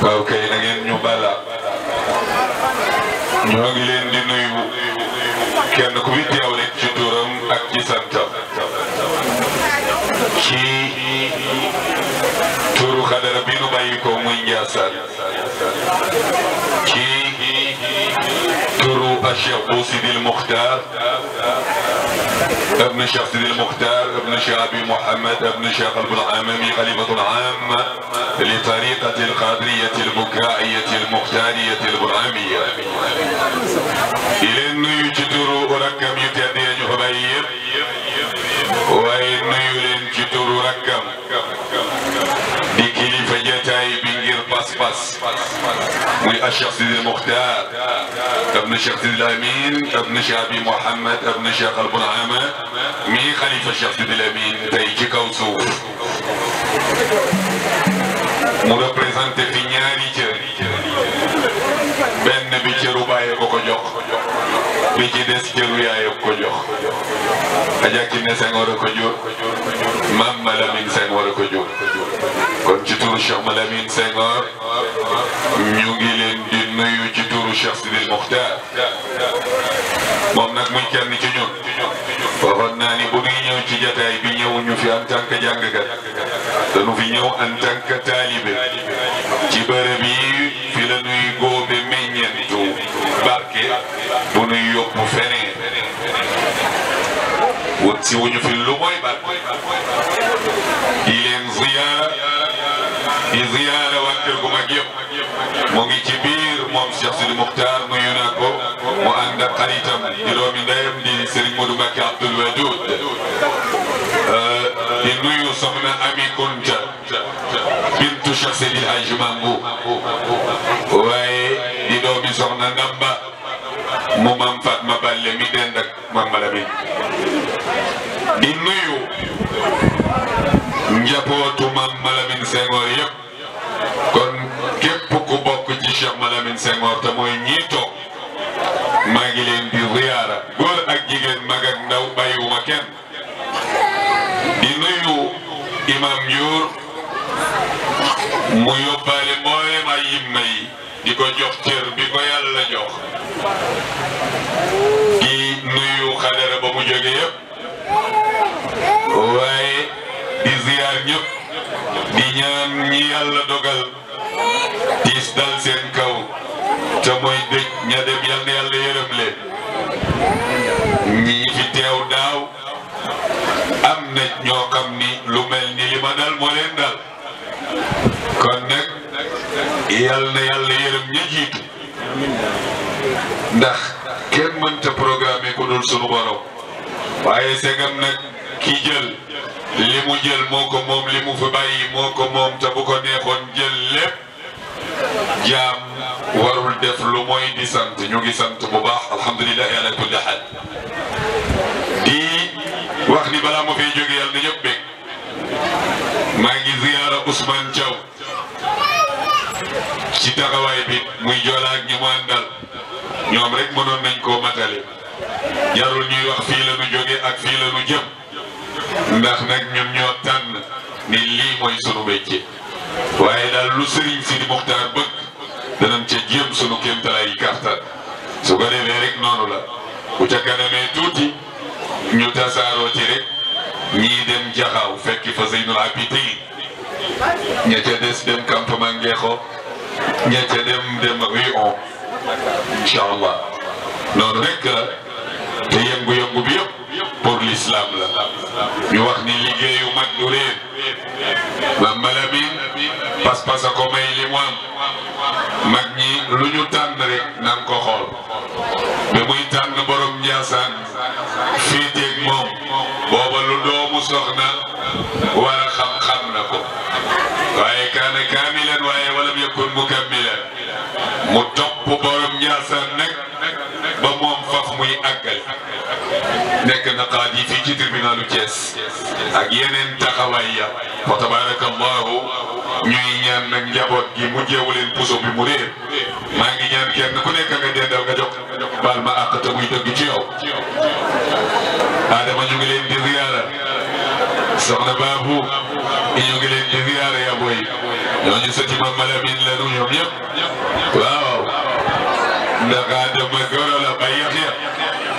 waaw kay na ngeen ñu bala ñoo ngi leen di nuyu kenn ku fi teew rek ci turam ak ci santam ci turu xadara bi nu bàyyi ko muy njaasaan ci turu Cheikh Bou Sidil Muxtaar ابن الشيخ سيدي المختار ابن الشيخ ابي محمد ابن الشيخ العاممي خليفه العام لطريقه القادريه البكائيه المختاريه البرعاميه لانه يجدروا ركم يتدي جهبيب وانه يلن جدر ركم فاس من اشرف سيدي المختار ابن الشيخ سيدي الامين ابن الشيخ ابي محمد ابن الشيخ البنعامه مين خليفه الشيخ سيدي الامين تيجي كوسو مولا بريزانتي في نياري بن بيجي رباي كوكو جوخ بيجي ديس كيرويا يوكو جوخ اجاكي نسان ورقو جور مام سان ورقو kon ci turu Cheikh Malamine Senghor ñu gi leen di nuyu ci turu Cheikh Sidil Mokhtar moom nag muy kenn ci ñun waxoon naa bu ñuy ñëw ci jataay bi ñu fi en tant que jàngkat dañu fi taalibe ci bërëb fi la nuy góobe meññeentu barke bu nuy yóbbu feneen wut si wuñu fi lu mooy barke زيارة وانتركو مجيب مونجي كبير موم شخص المختار ميوناكو مواندا قريتم يرومي نايم دي سرين مدو مكي عبد الوجود دي نيو سمنا امي كنت بنت شخص دي حاج مامو وي دي نومي سمنا نمبا مومان فاتما بالي ميدن دك مامبالا بي دي نيو njapo tu mamma la min sengor yep kon képp ku bokk ci Cheikh Malamine Senghor te mooy ñii toog maa ngi leen di ziyaara góor ak jigéen mag ak ndaw bàyyiwuma kenn di nuyu imam Yuur mu yóbbaale mboolem ay yimma yi di ko jox cër bi ko yàlla jox di nuyu xadara ba mu jóge yëpp waaye di ziyaar ñëpp di ñaan ñi yàlla dogal tiis dal seen kaw te mooy dëj ña dem yàlla yërëm leen ñi fi teew daaw am na ñoo xam ni lu mel ni li dal moo leen dal kon nag yal yàlla yërëm ña ndax kenn mënta programme ku dul sunu borom waaye segam nag ki jël li mu jël moo ko moom li mu fi bàyyi moo ko moom te ko neexoon jël lépp jaam warul def lu mooy di sant ñu ngi sant bu baax alhamdulilahi ala kulli xaal di wax ni balaa ma fiy jóge yàlla na ñëpp bég maa ngi ziyaara Ousmane Thiaw ci taxawaay bi muy joolaa ak ñi mu àndal ñoom rek mënoon nañ ko matale jarul ñuy wax fii la ñu jóge ak fii la jëm ndax nag ñun ñoo tànn ni lii mooy sunu métier waaye daal lu sëriñ si di muxtaar bëgg danañ ca jéem sunu kéemtalaay kàttan su ko defee rek noonu la bu ca kanamee tuuti ñu tasaaroo ci rek ñii dem jaxaaw fekki fa Seynul Abidin ña ca des dem campement Ngeexo ña ca dem dem Rion incha allah noonu rek te yëngu-yëngu bi yëpp pour la ñu wax ni liggéeyu mag du réer ma malamin pas may li mu mag ñi lu ñu tànn rek nan ko muy tànn borom Njaasaan fii teeg moom booba lu doomu soxna war xam-xam na ko waaye kaana kaamilan waaye walam yakun mukammilan mu topp borom Njaasaan nag ba moom faf muy àggal nekk na qaadi yi fii ci tribunalu Thiès ak yeneen taxawaay ya fa tabarakallahu ñuy ñaan nag njaboot gi mu jeewu leen puso bi mu réer maa ngi ñaan kenn ku nekk nga dendal nga jox baal ma àq te muy dëgg ci yow Adama ñu ngi leen di ziyaara soxna Baabu ñu ngi leen di ziyaara ya boy ñooñu sëti ma malamin la nu ñoom ñëpp waaw ndax Adama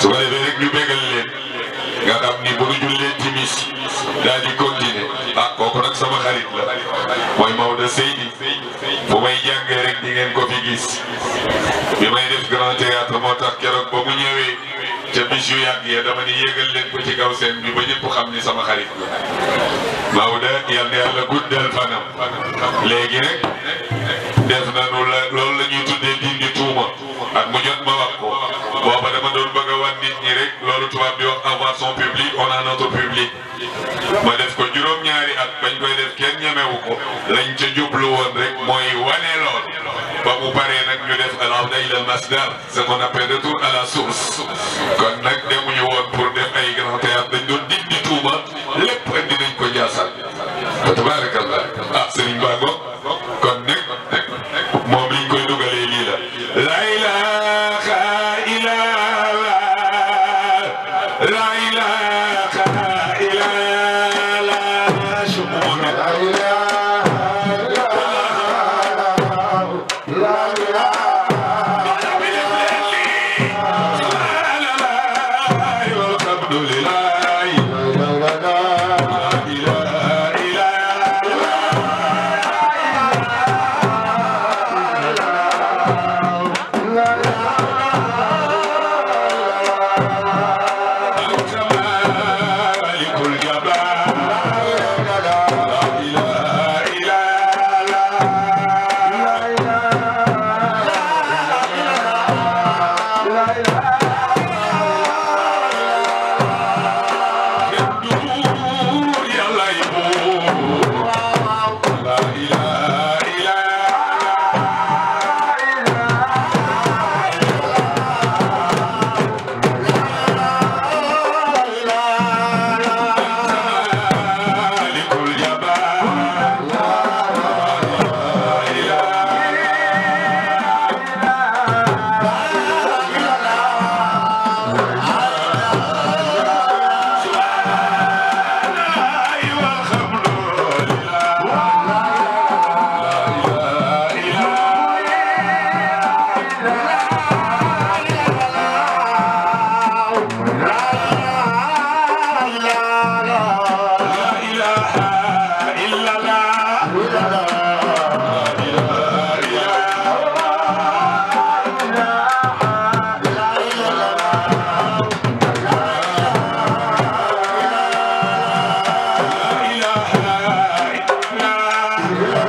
su ko defee rek ñu bégal leen nga xam ni bu ñu jullee timis daal di continuer ah kooku nag sama xarit la mooy Maodo Seydi bu may jàngee rek di ngeen ko fi gis bi may def grand théâtre moo tax keroog ba mu ñëwee ca bis yu yàgg ya dama ni yégal leen ko ci kaw seen bi ba ñëpp xam ni sama xarit la Maodo yal na yàlla guddal fanam léegi rek def na nu la loolu la ñuy tuddee dindi tuuma ak mu jot ma wax ko booba dama doon bëgg a wan nit ñi loolu tubaab di wax avoir son public on a notre public ma def ko juróom-ñaari at bañ koy def kenn ñemewu ko lañ ca jublu woon rek mooy wane lool ba mu paree nag ñu def alaw day la masdar ce qu'on appelle retour à la source kon nag demuñu woon pour def ay grand Yeah.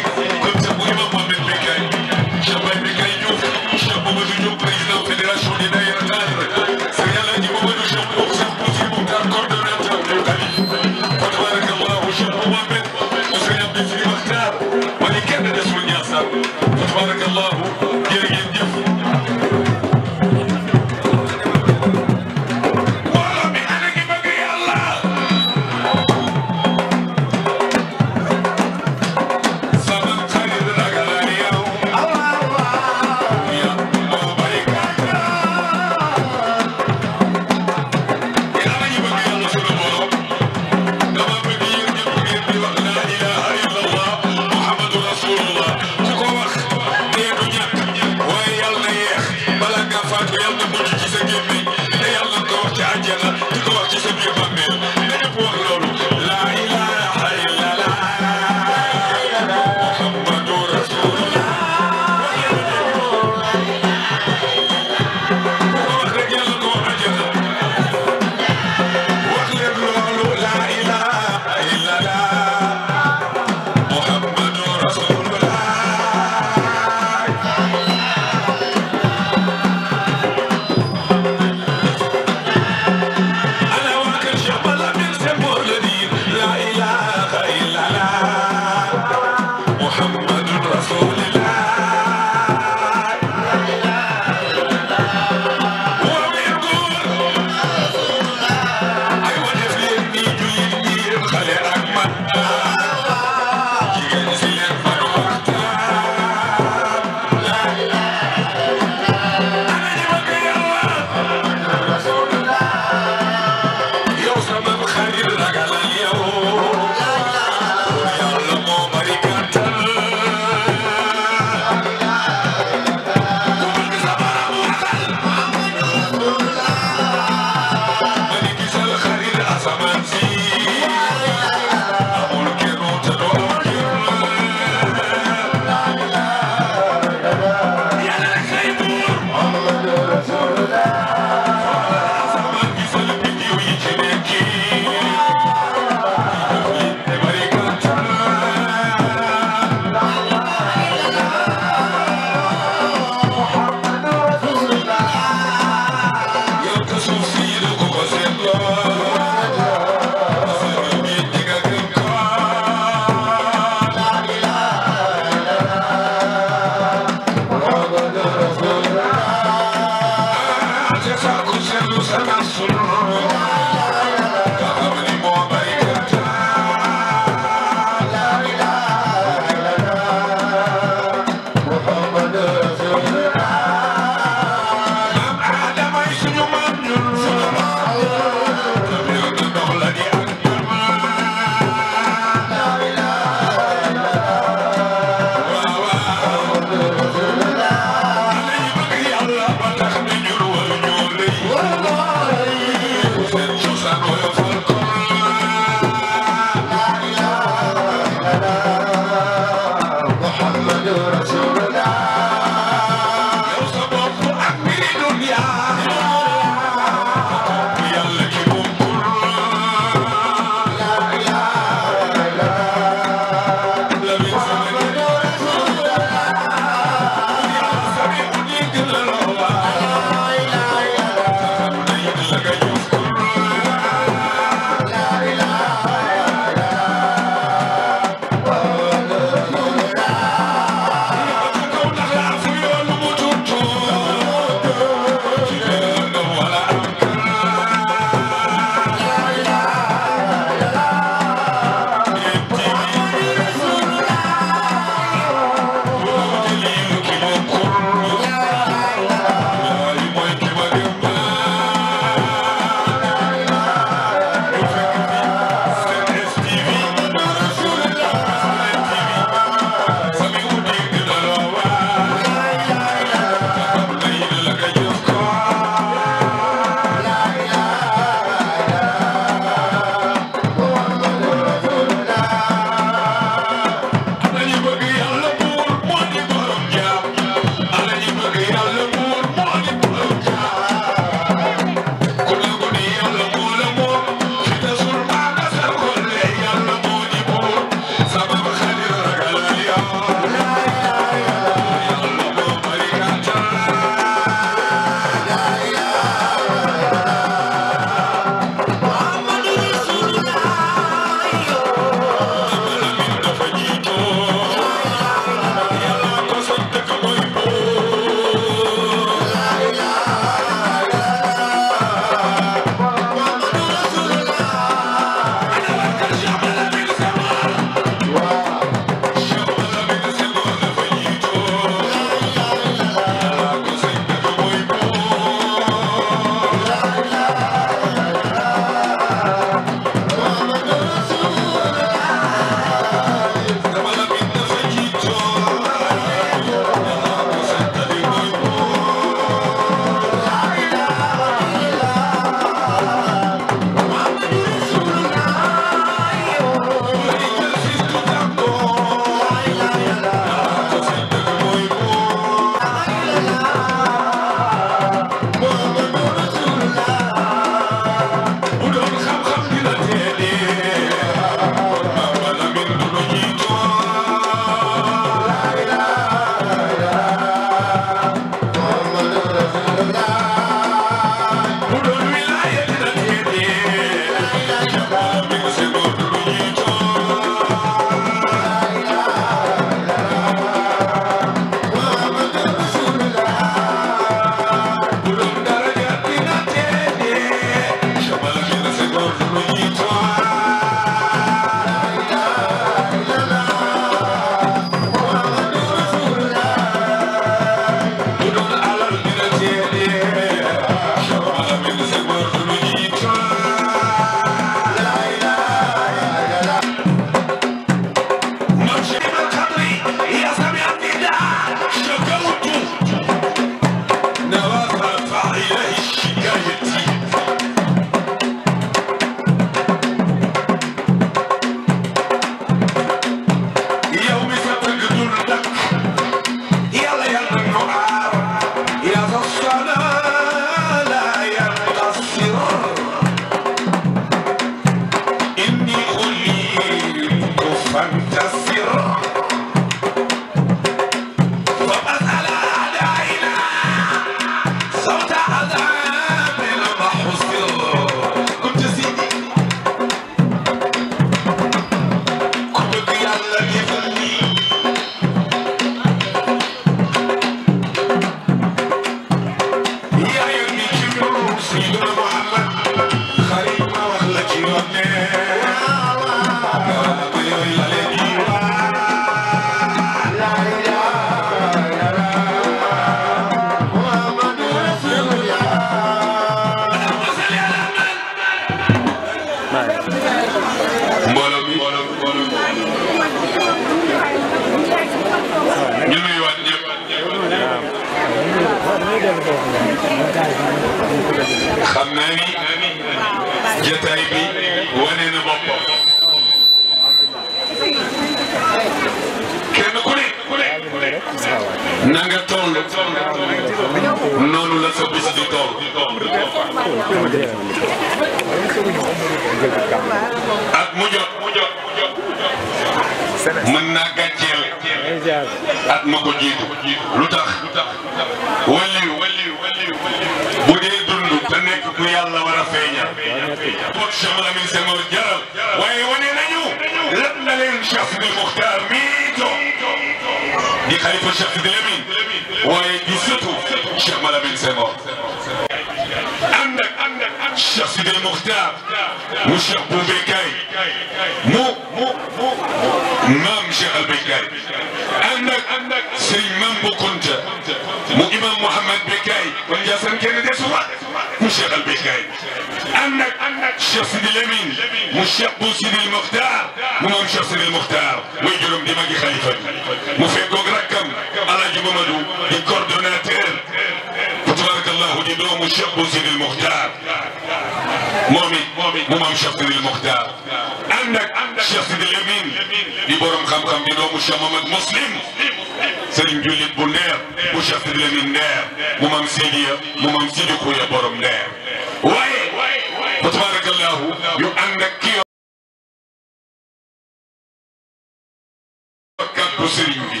du sëriñ bi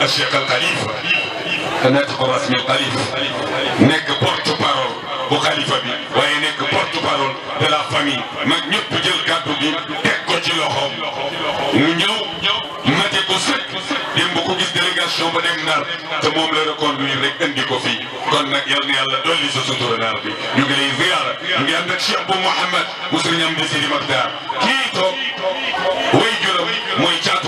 a Cheikh al Khalifa Ahmed Khouras mi Khalif nekk porte parole bu Khalifa bi waaye nekk porte parole de la famille mag ñëpp jël kàddu bi teg ko ci loxoom mu ñëw mate ko sëkk démb ko gis délégation ba dem Ndar te moom la reconduire rek indi ko fii kon nag yal na yàlla dolli sa sutura Ndar bi ñu ngi lay ziyaara ñu ngi ànd ak Cheikh bu Mouhamad mu sëriñam di Sidi Makhtar kii toog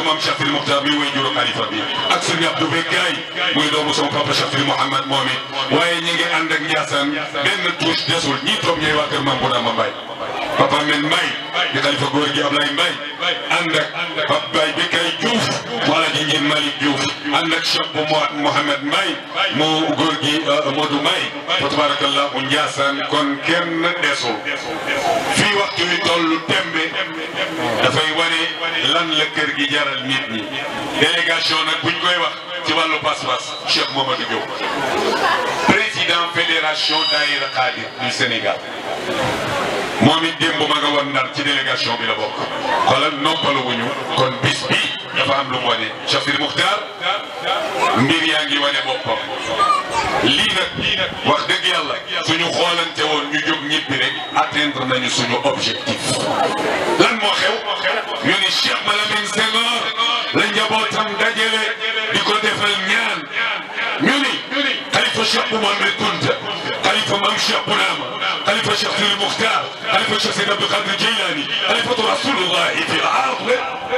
maam Cheikh Fil Mokhtar mi way juróom xalifa bi ak sëñ Abdou Beg gaay muy doomu sama papa Cheikh Fil Mouhamad moom it waaye ñi ngi ànd ak Ndiassane benn touche desul ñii toog ñooy waa kër maam bu Dama Mbaye papa men Mbaye di xalifa góor gi Ablaye Mbaye ànd ak Pape Baye alaaji ngeen Malick Diouf ànd ak Cheikh bu Mouhamed Mbaye mu góor gi euh, euh, Modou Mbaye fa tabarakallah u Ndiassane kon kenn desul fii waxtu wi tollu tembe dafay wane la kër gi jaral nit ñi délégation nag buñ koy wax ci wàllu pas-pas Cheikh Mamadou Diop président fédération Daïra moom it démb ma nga woon ndar ci délégation bi la bokk dafa am lu mu wane Chafir Muxtaar mbir yaa ngi wane boppam lii nag wax dëgg yàlla suñu xoolante woon ñu jóg ñibbi rek atteindre nañu suñu objectif lan moo xew ñu ni Cheikh Malamine Senghor la njabootam dajale di ko defal ñaan ñu ni xalifa Cheikh Mouhamed Kounta xalifa Mam Cheikh Bounama xalifa Cheikh Sidi Muxtaar xalifa Cheikh Sidi Abdou Qadir Jeylaani xalifatu Rasulullahi fi l ard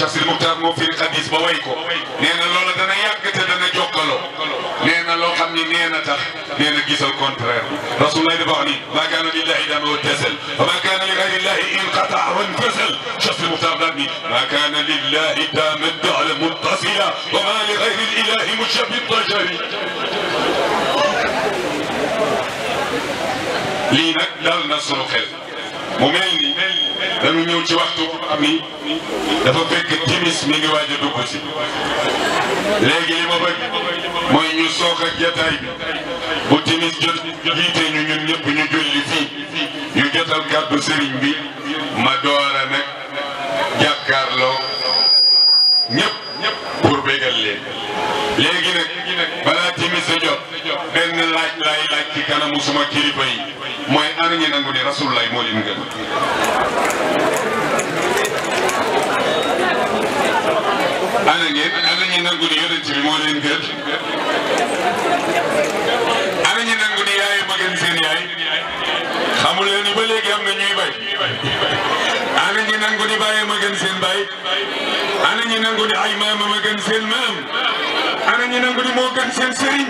شخصي المختار مو في الحديث بويكو نينا لولا دانا يكت دانا جوكلو نينا لو خمني نينا تخ نينا جيس الكونترير رسول الله دبعني ما كان لله دانا واتسل وما كان لغير الله إن قطع وانفصل شخص المختار دانا ما كان لله دام الدعل متصلة وما لغير الإله مشبه الضجري لينك دل نصر خلق mu mel ni dañu ñëw ci waxtu boo xam ni dafa fekk timis mi ngi waaj a dugg si léegi li ma bëgg mooy ñu soog ak jataay bi bu timis jot jiite ñu ñun ñëpp ñu julli fii ñu jotal kàddu sëriñ bi ma doora nag jàkkaarloo ñëpp pour bégal leen léegi nag balaa timis a jot benn laaj laay laaj ci kanamu suma kilifa yi moy ana ñu nangu ni rasulullah moo leen gën ana ngeen ana ñu nangu ni yonent bi moo leen gën ana ñu nangu ni yaay ma gën seen yaay xamul leen ba léegi am na ñuy bay ana ñu nangu ni bàyyi ma gën seen bay ana ñu nangu ni ay maama ma gën seen maam ana ñu nangu ni moo gën seen sëriñ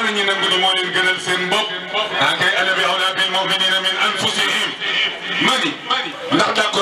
ana ñu nangu ni moo leen gënal seen bop هكذا ألا بأولاد المؤمنين من أنفسهم ماني نحتاج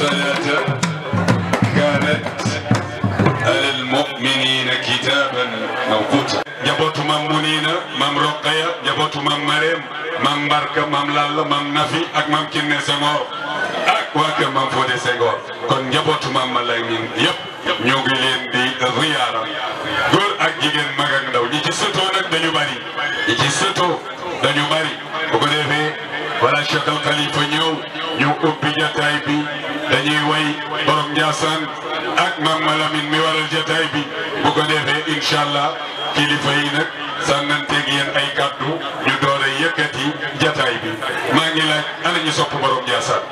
المرسلات كانت على المؤمنين كتابا موقوتا njabootu mam Roqaya njabootu mam Marème mam Mbarka mam Lalla mam Nafi ak mam Kiné Senghor ak waa kër mam Fodé kon njabootu mam Malamine yëpp ñoo ngi di riyaaram góor ak jigéen mag ndaw ñi ci dañu bari ñi ci dañu bari bu defee wala Cheikh Al Khalifa ñëw ñu ubbi jataay dañuy way borom Ndiassane ak mam malamin mi waral jataay bi bu ko defee incha allah kilifa yi nag sànnanteeg yéen ay kàddu ñu doore yëkkati jataay bi maa ngi laaj ana ñu borom Ndiassane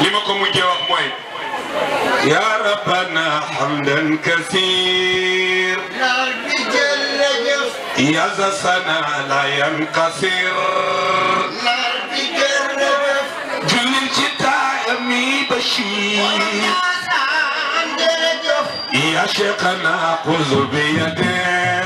لمكم ma ko يا ربنا حمدا كثير يا ذا سنا لا ينقصر جل الجداء يمي بشير يا شيخنا خذ بيدك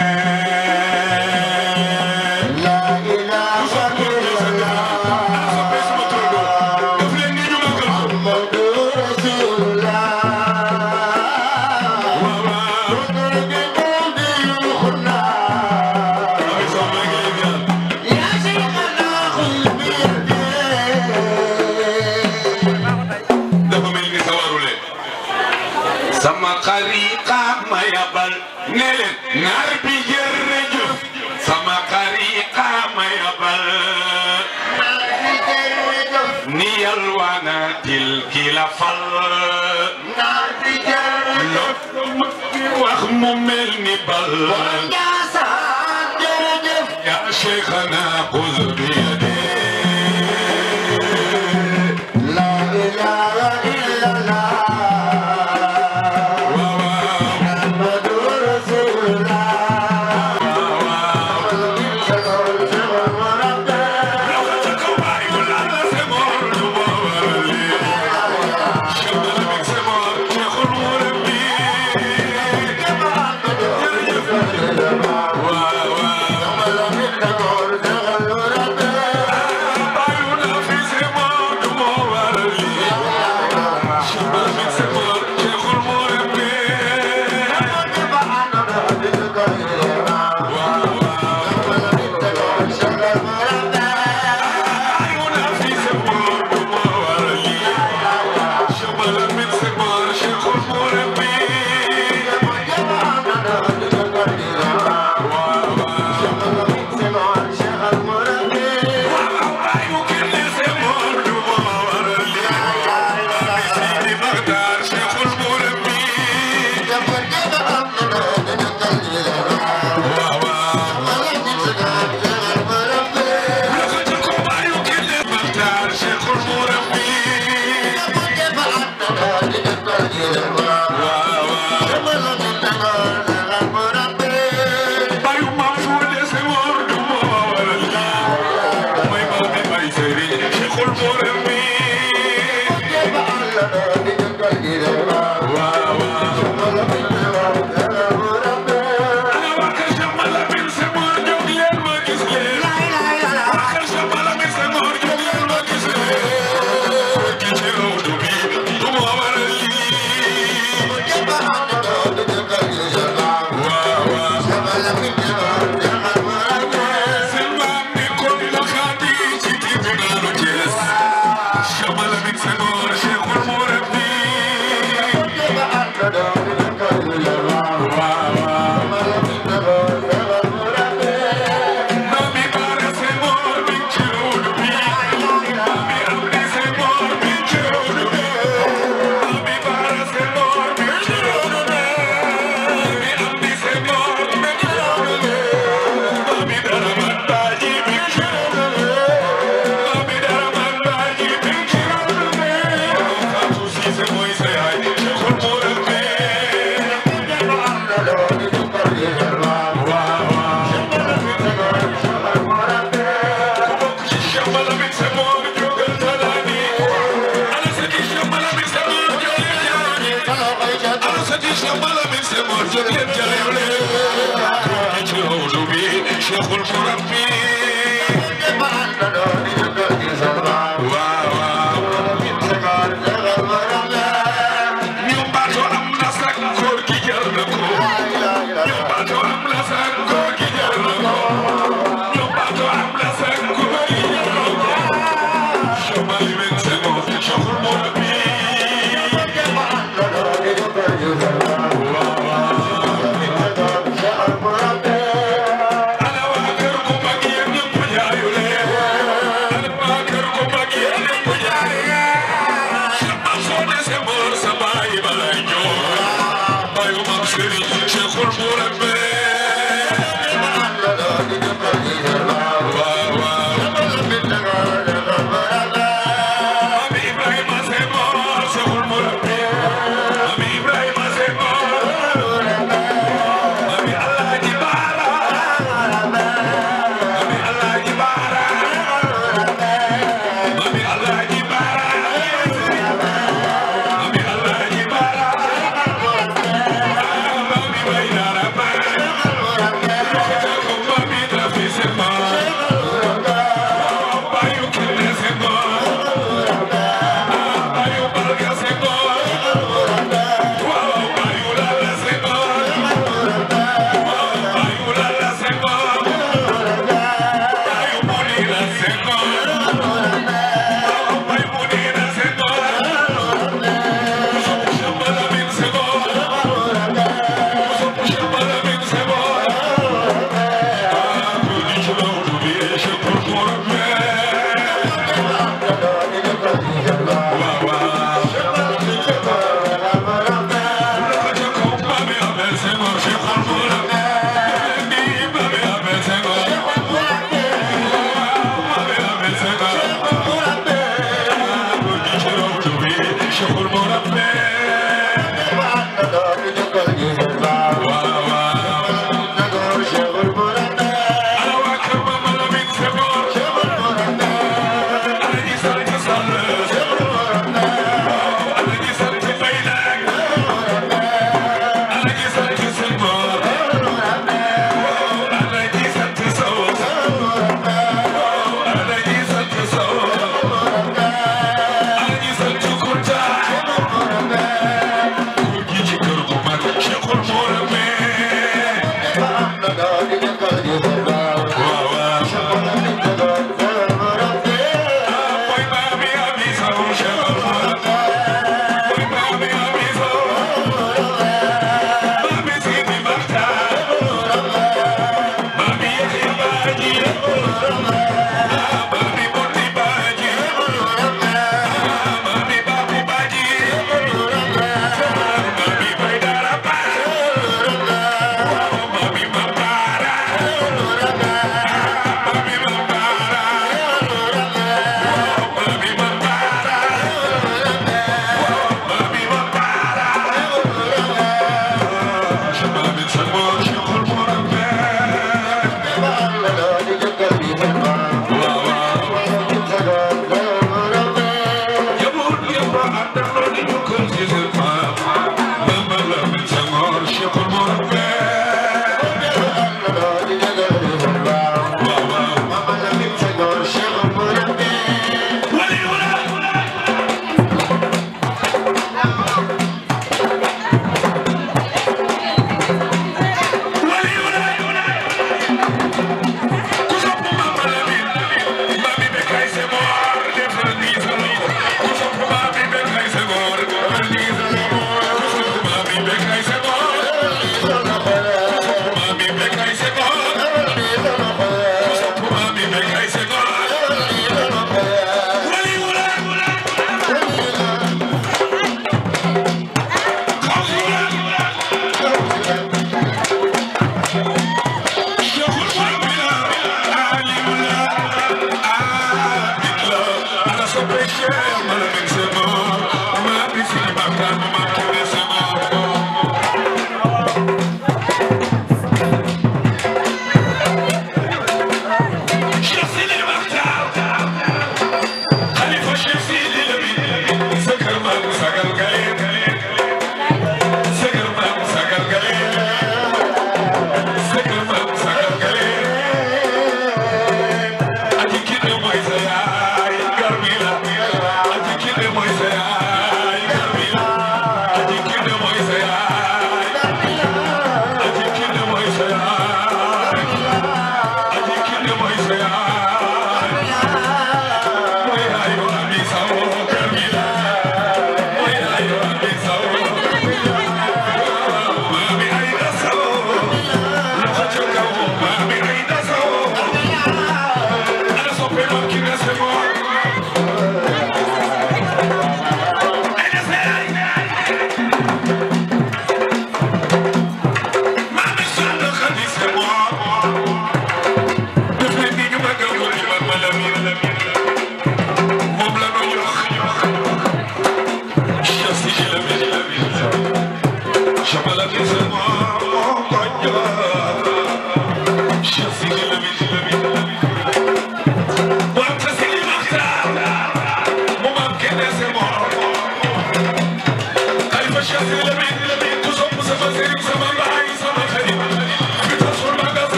ma mel ni bal. wala ngaa sax jërëjëf. yaa Cheikhana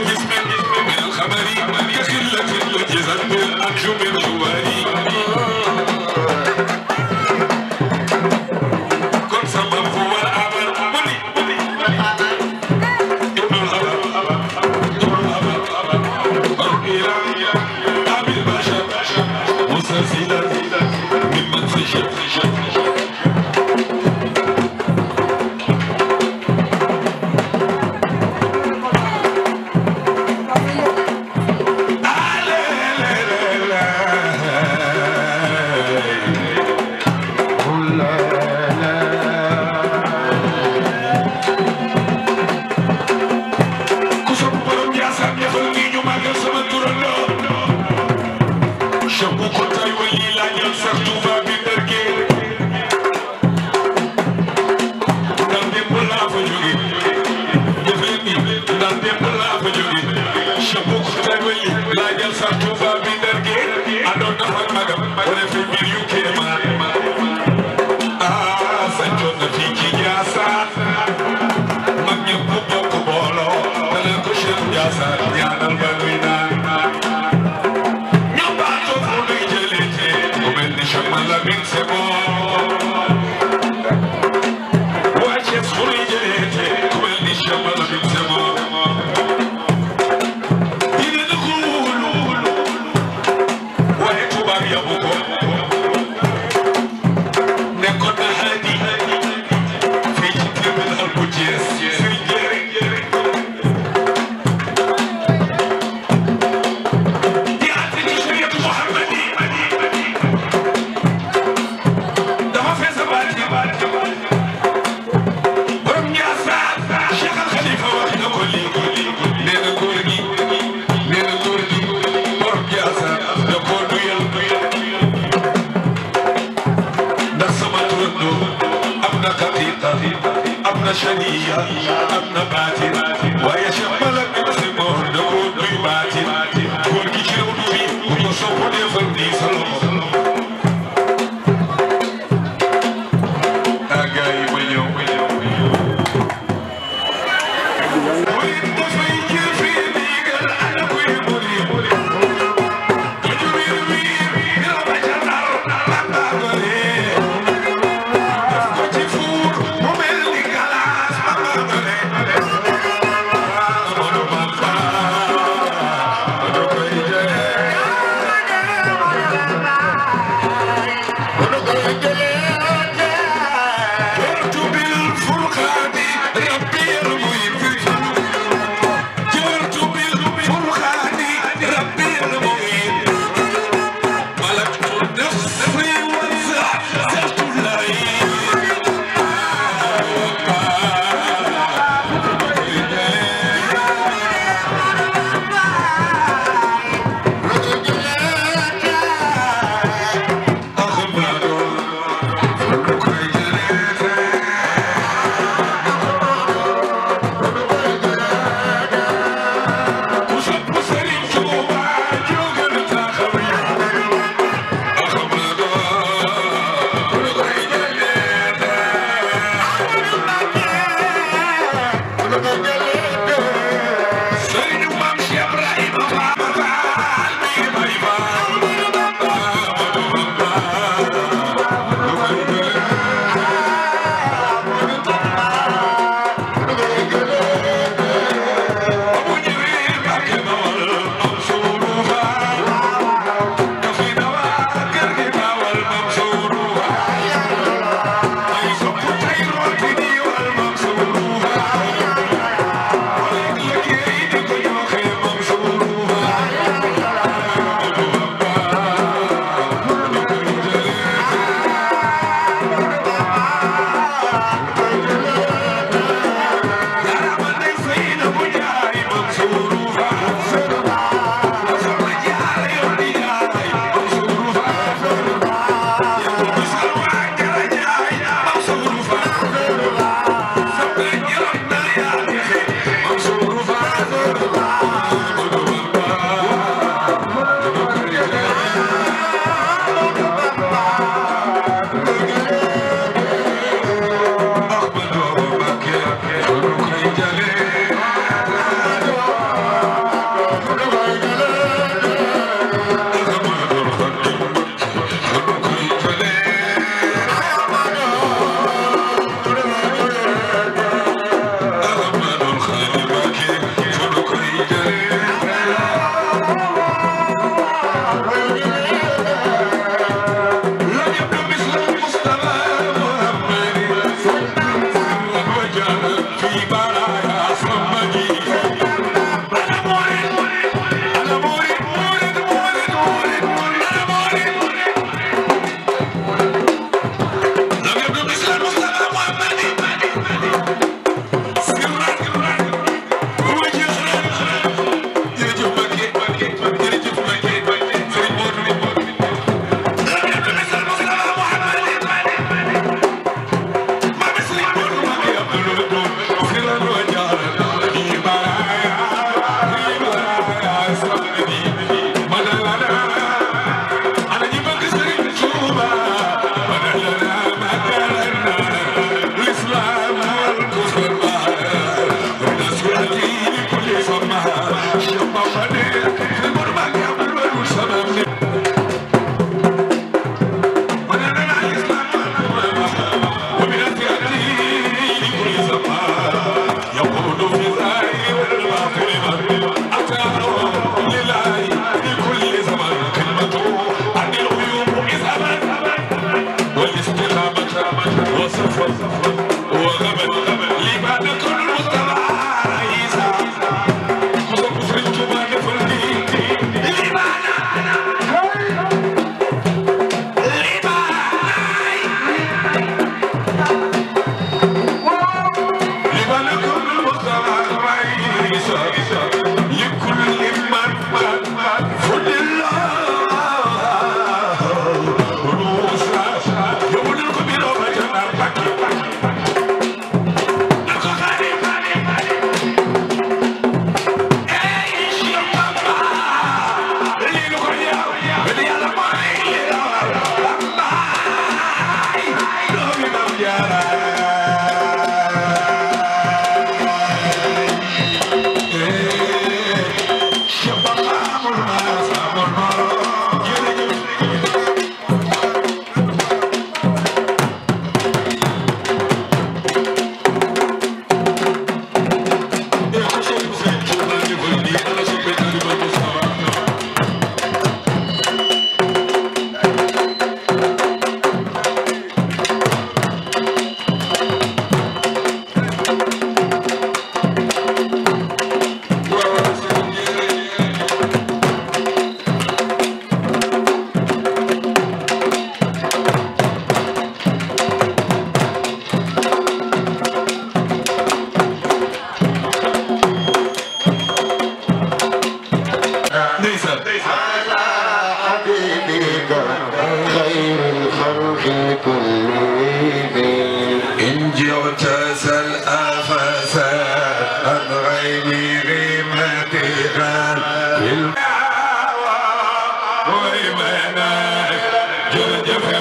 من الخمر كخلة وجزت أنجم الجواري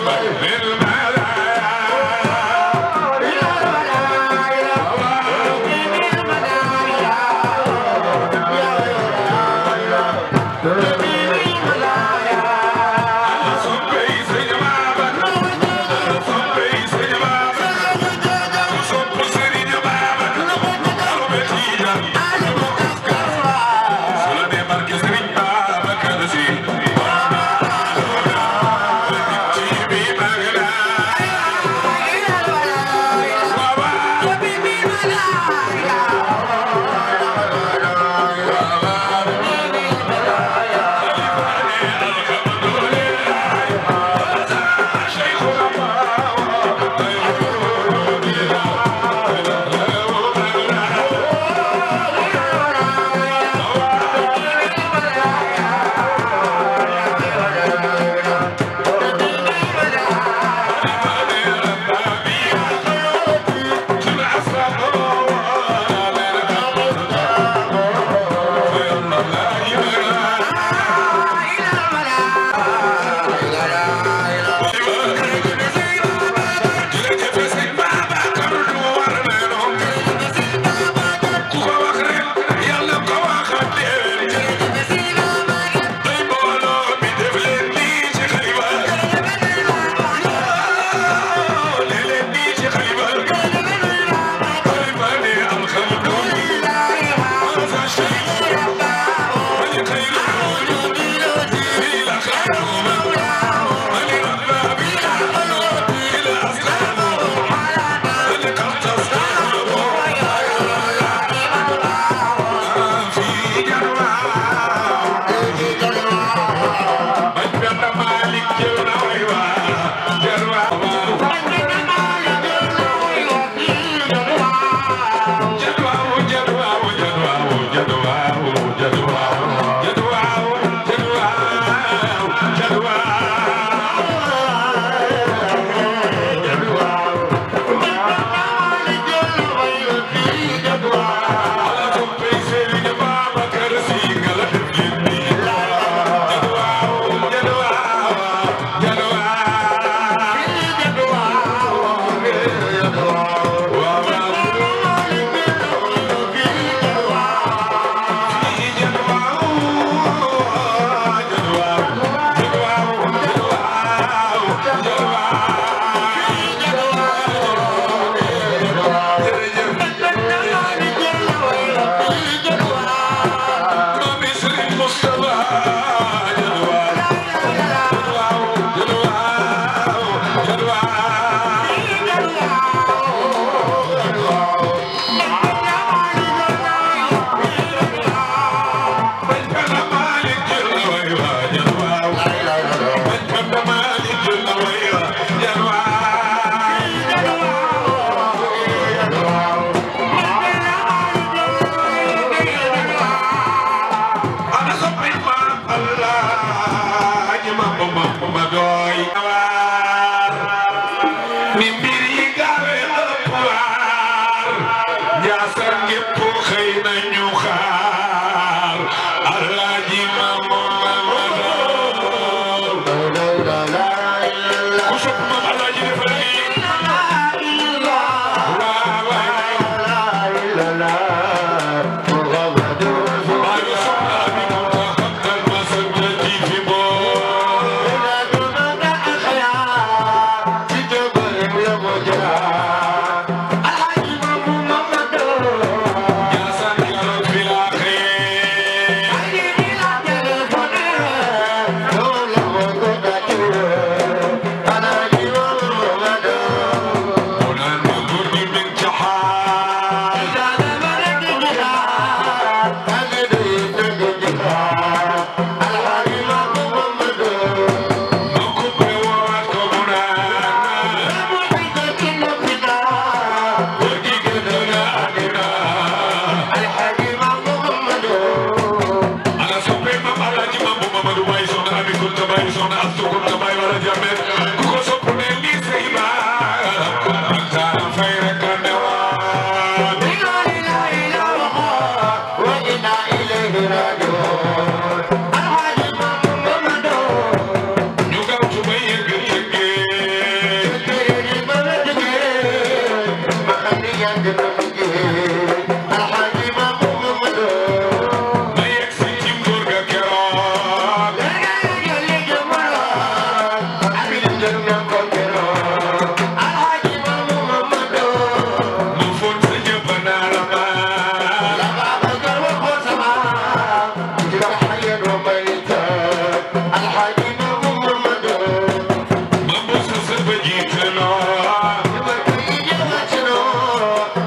vai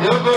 Yo,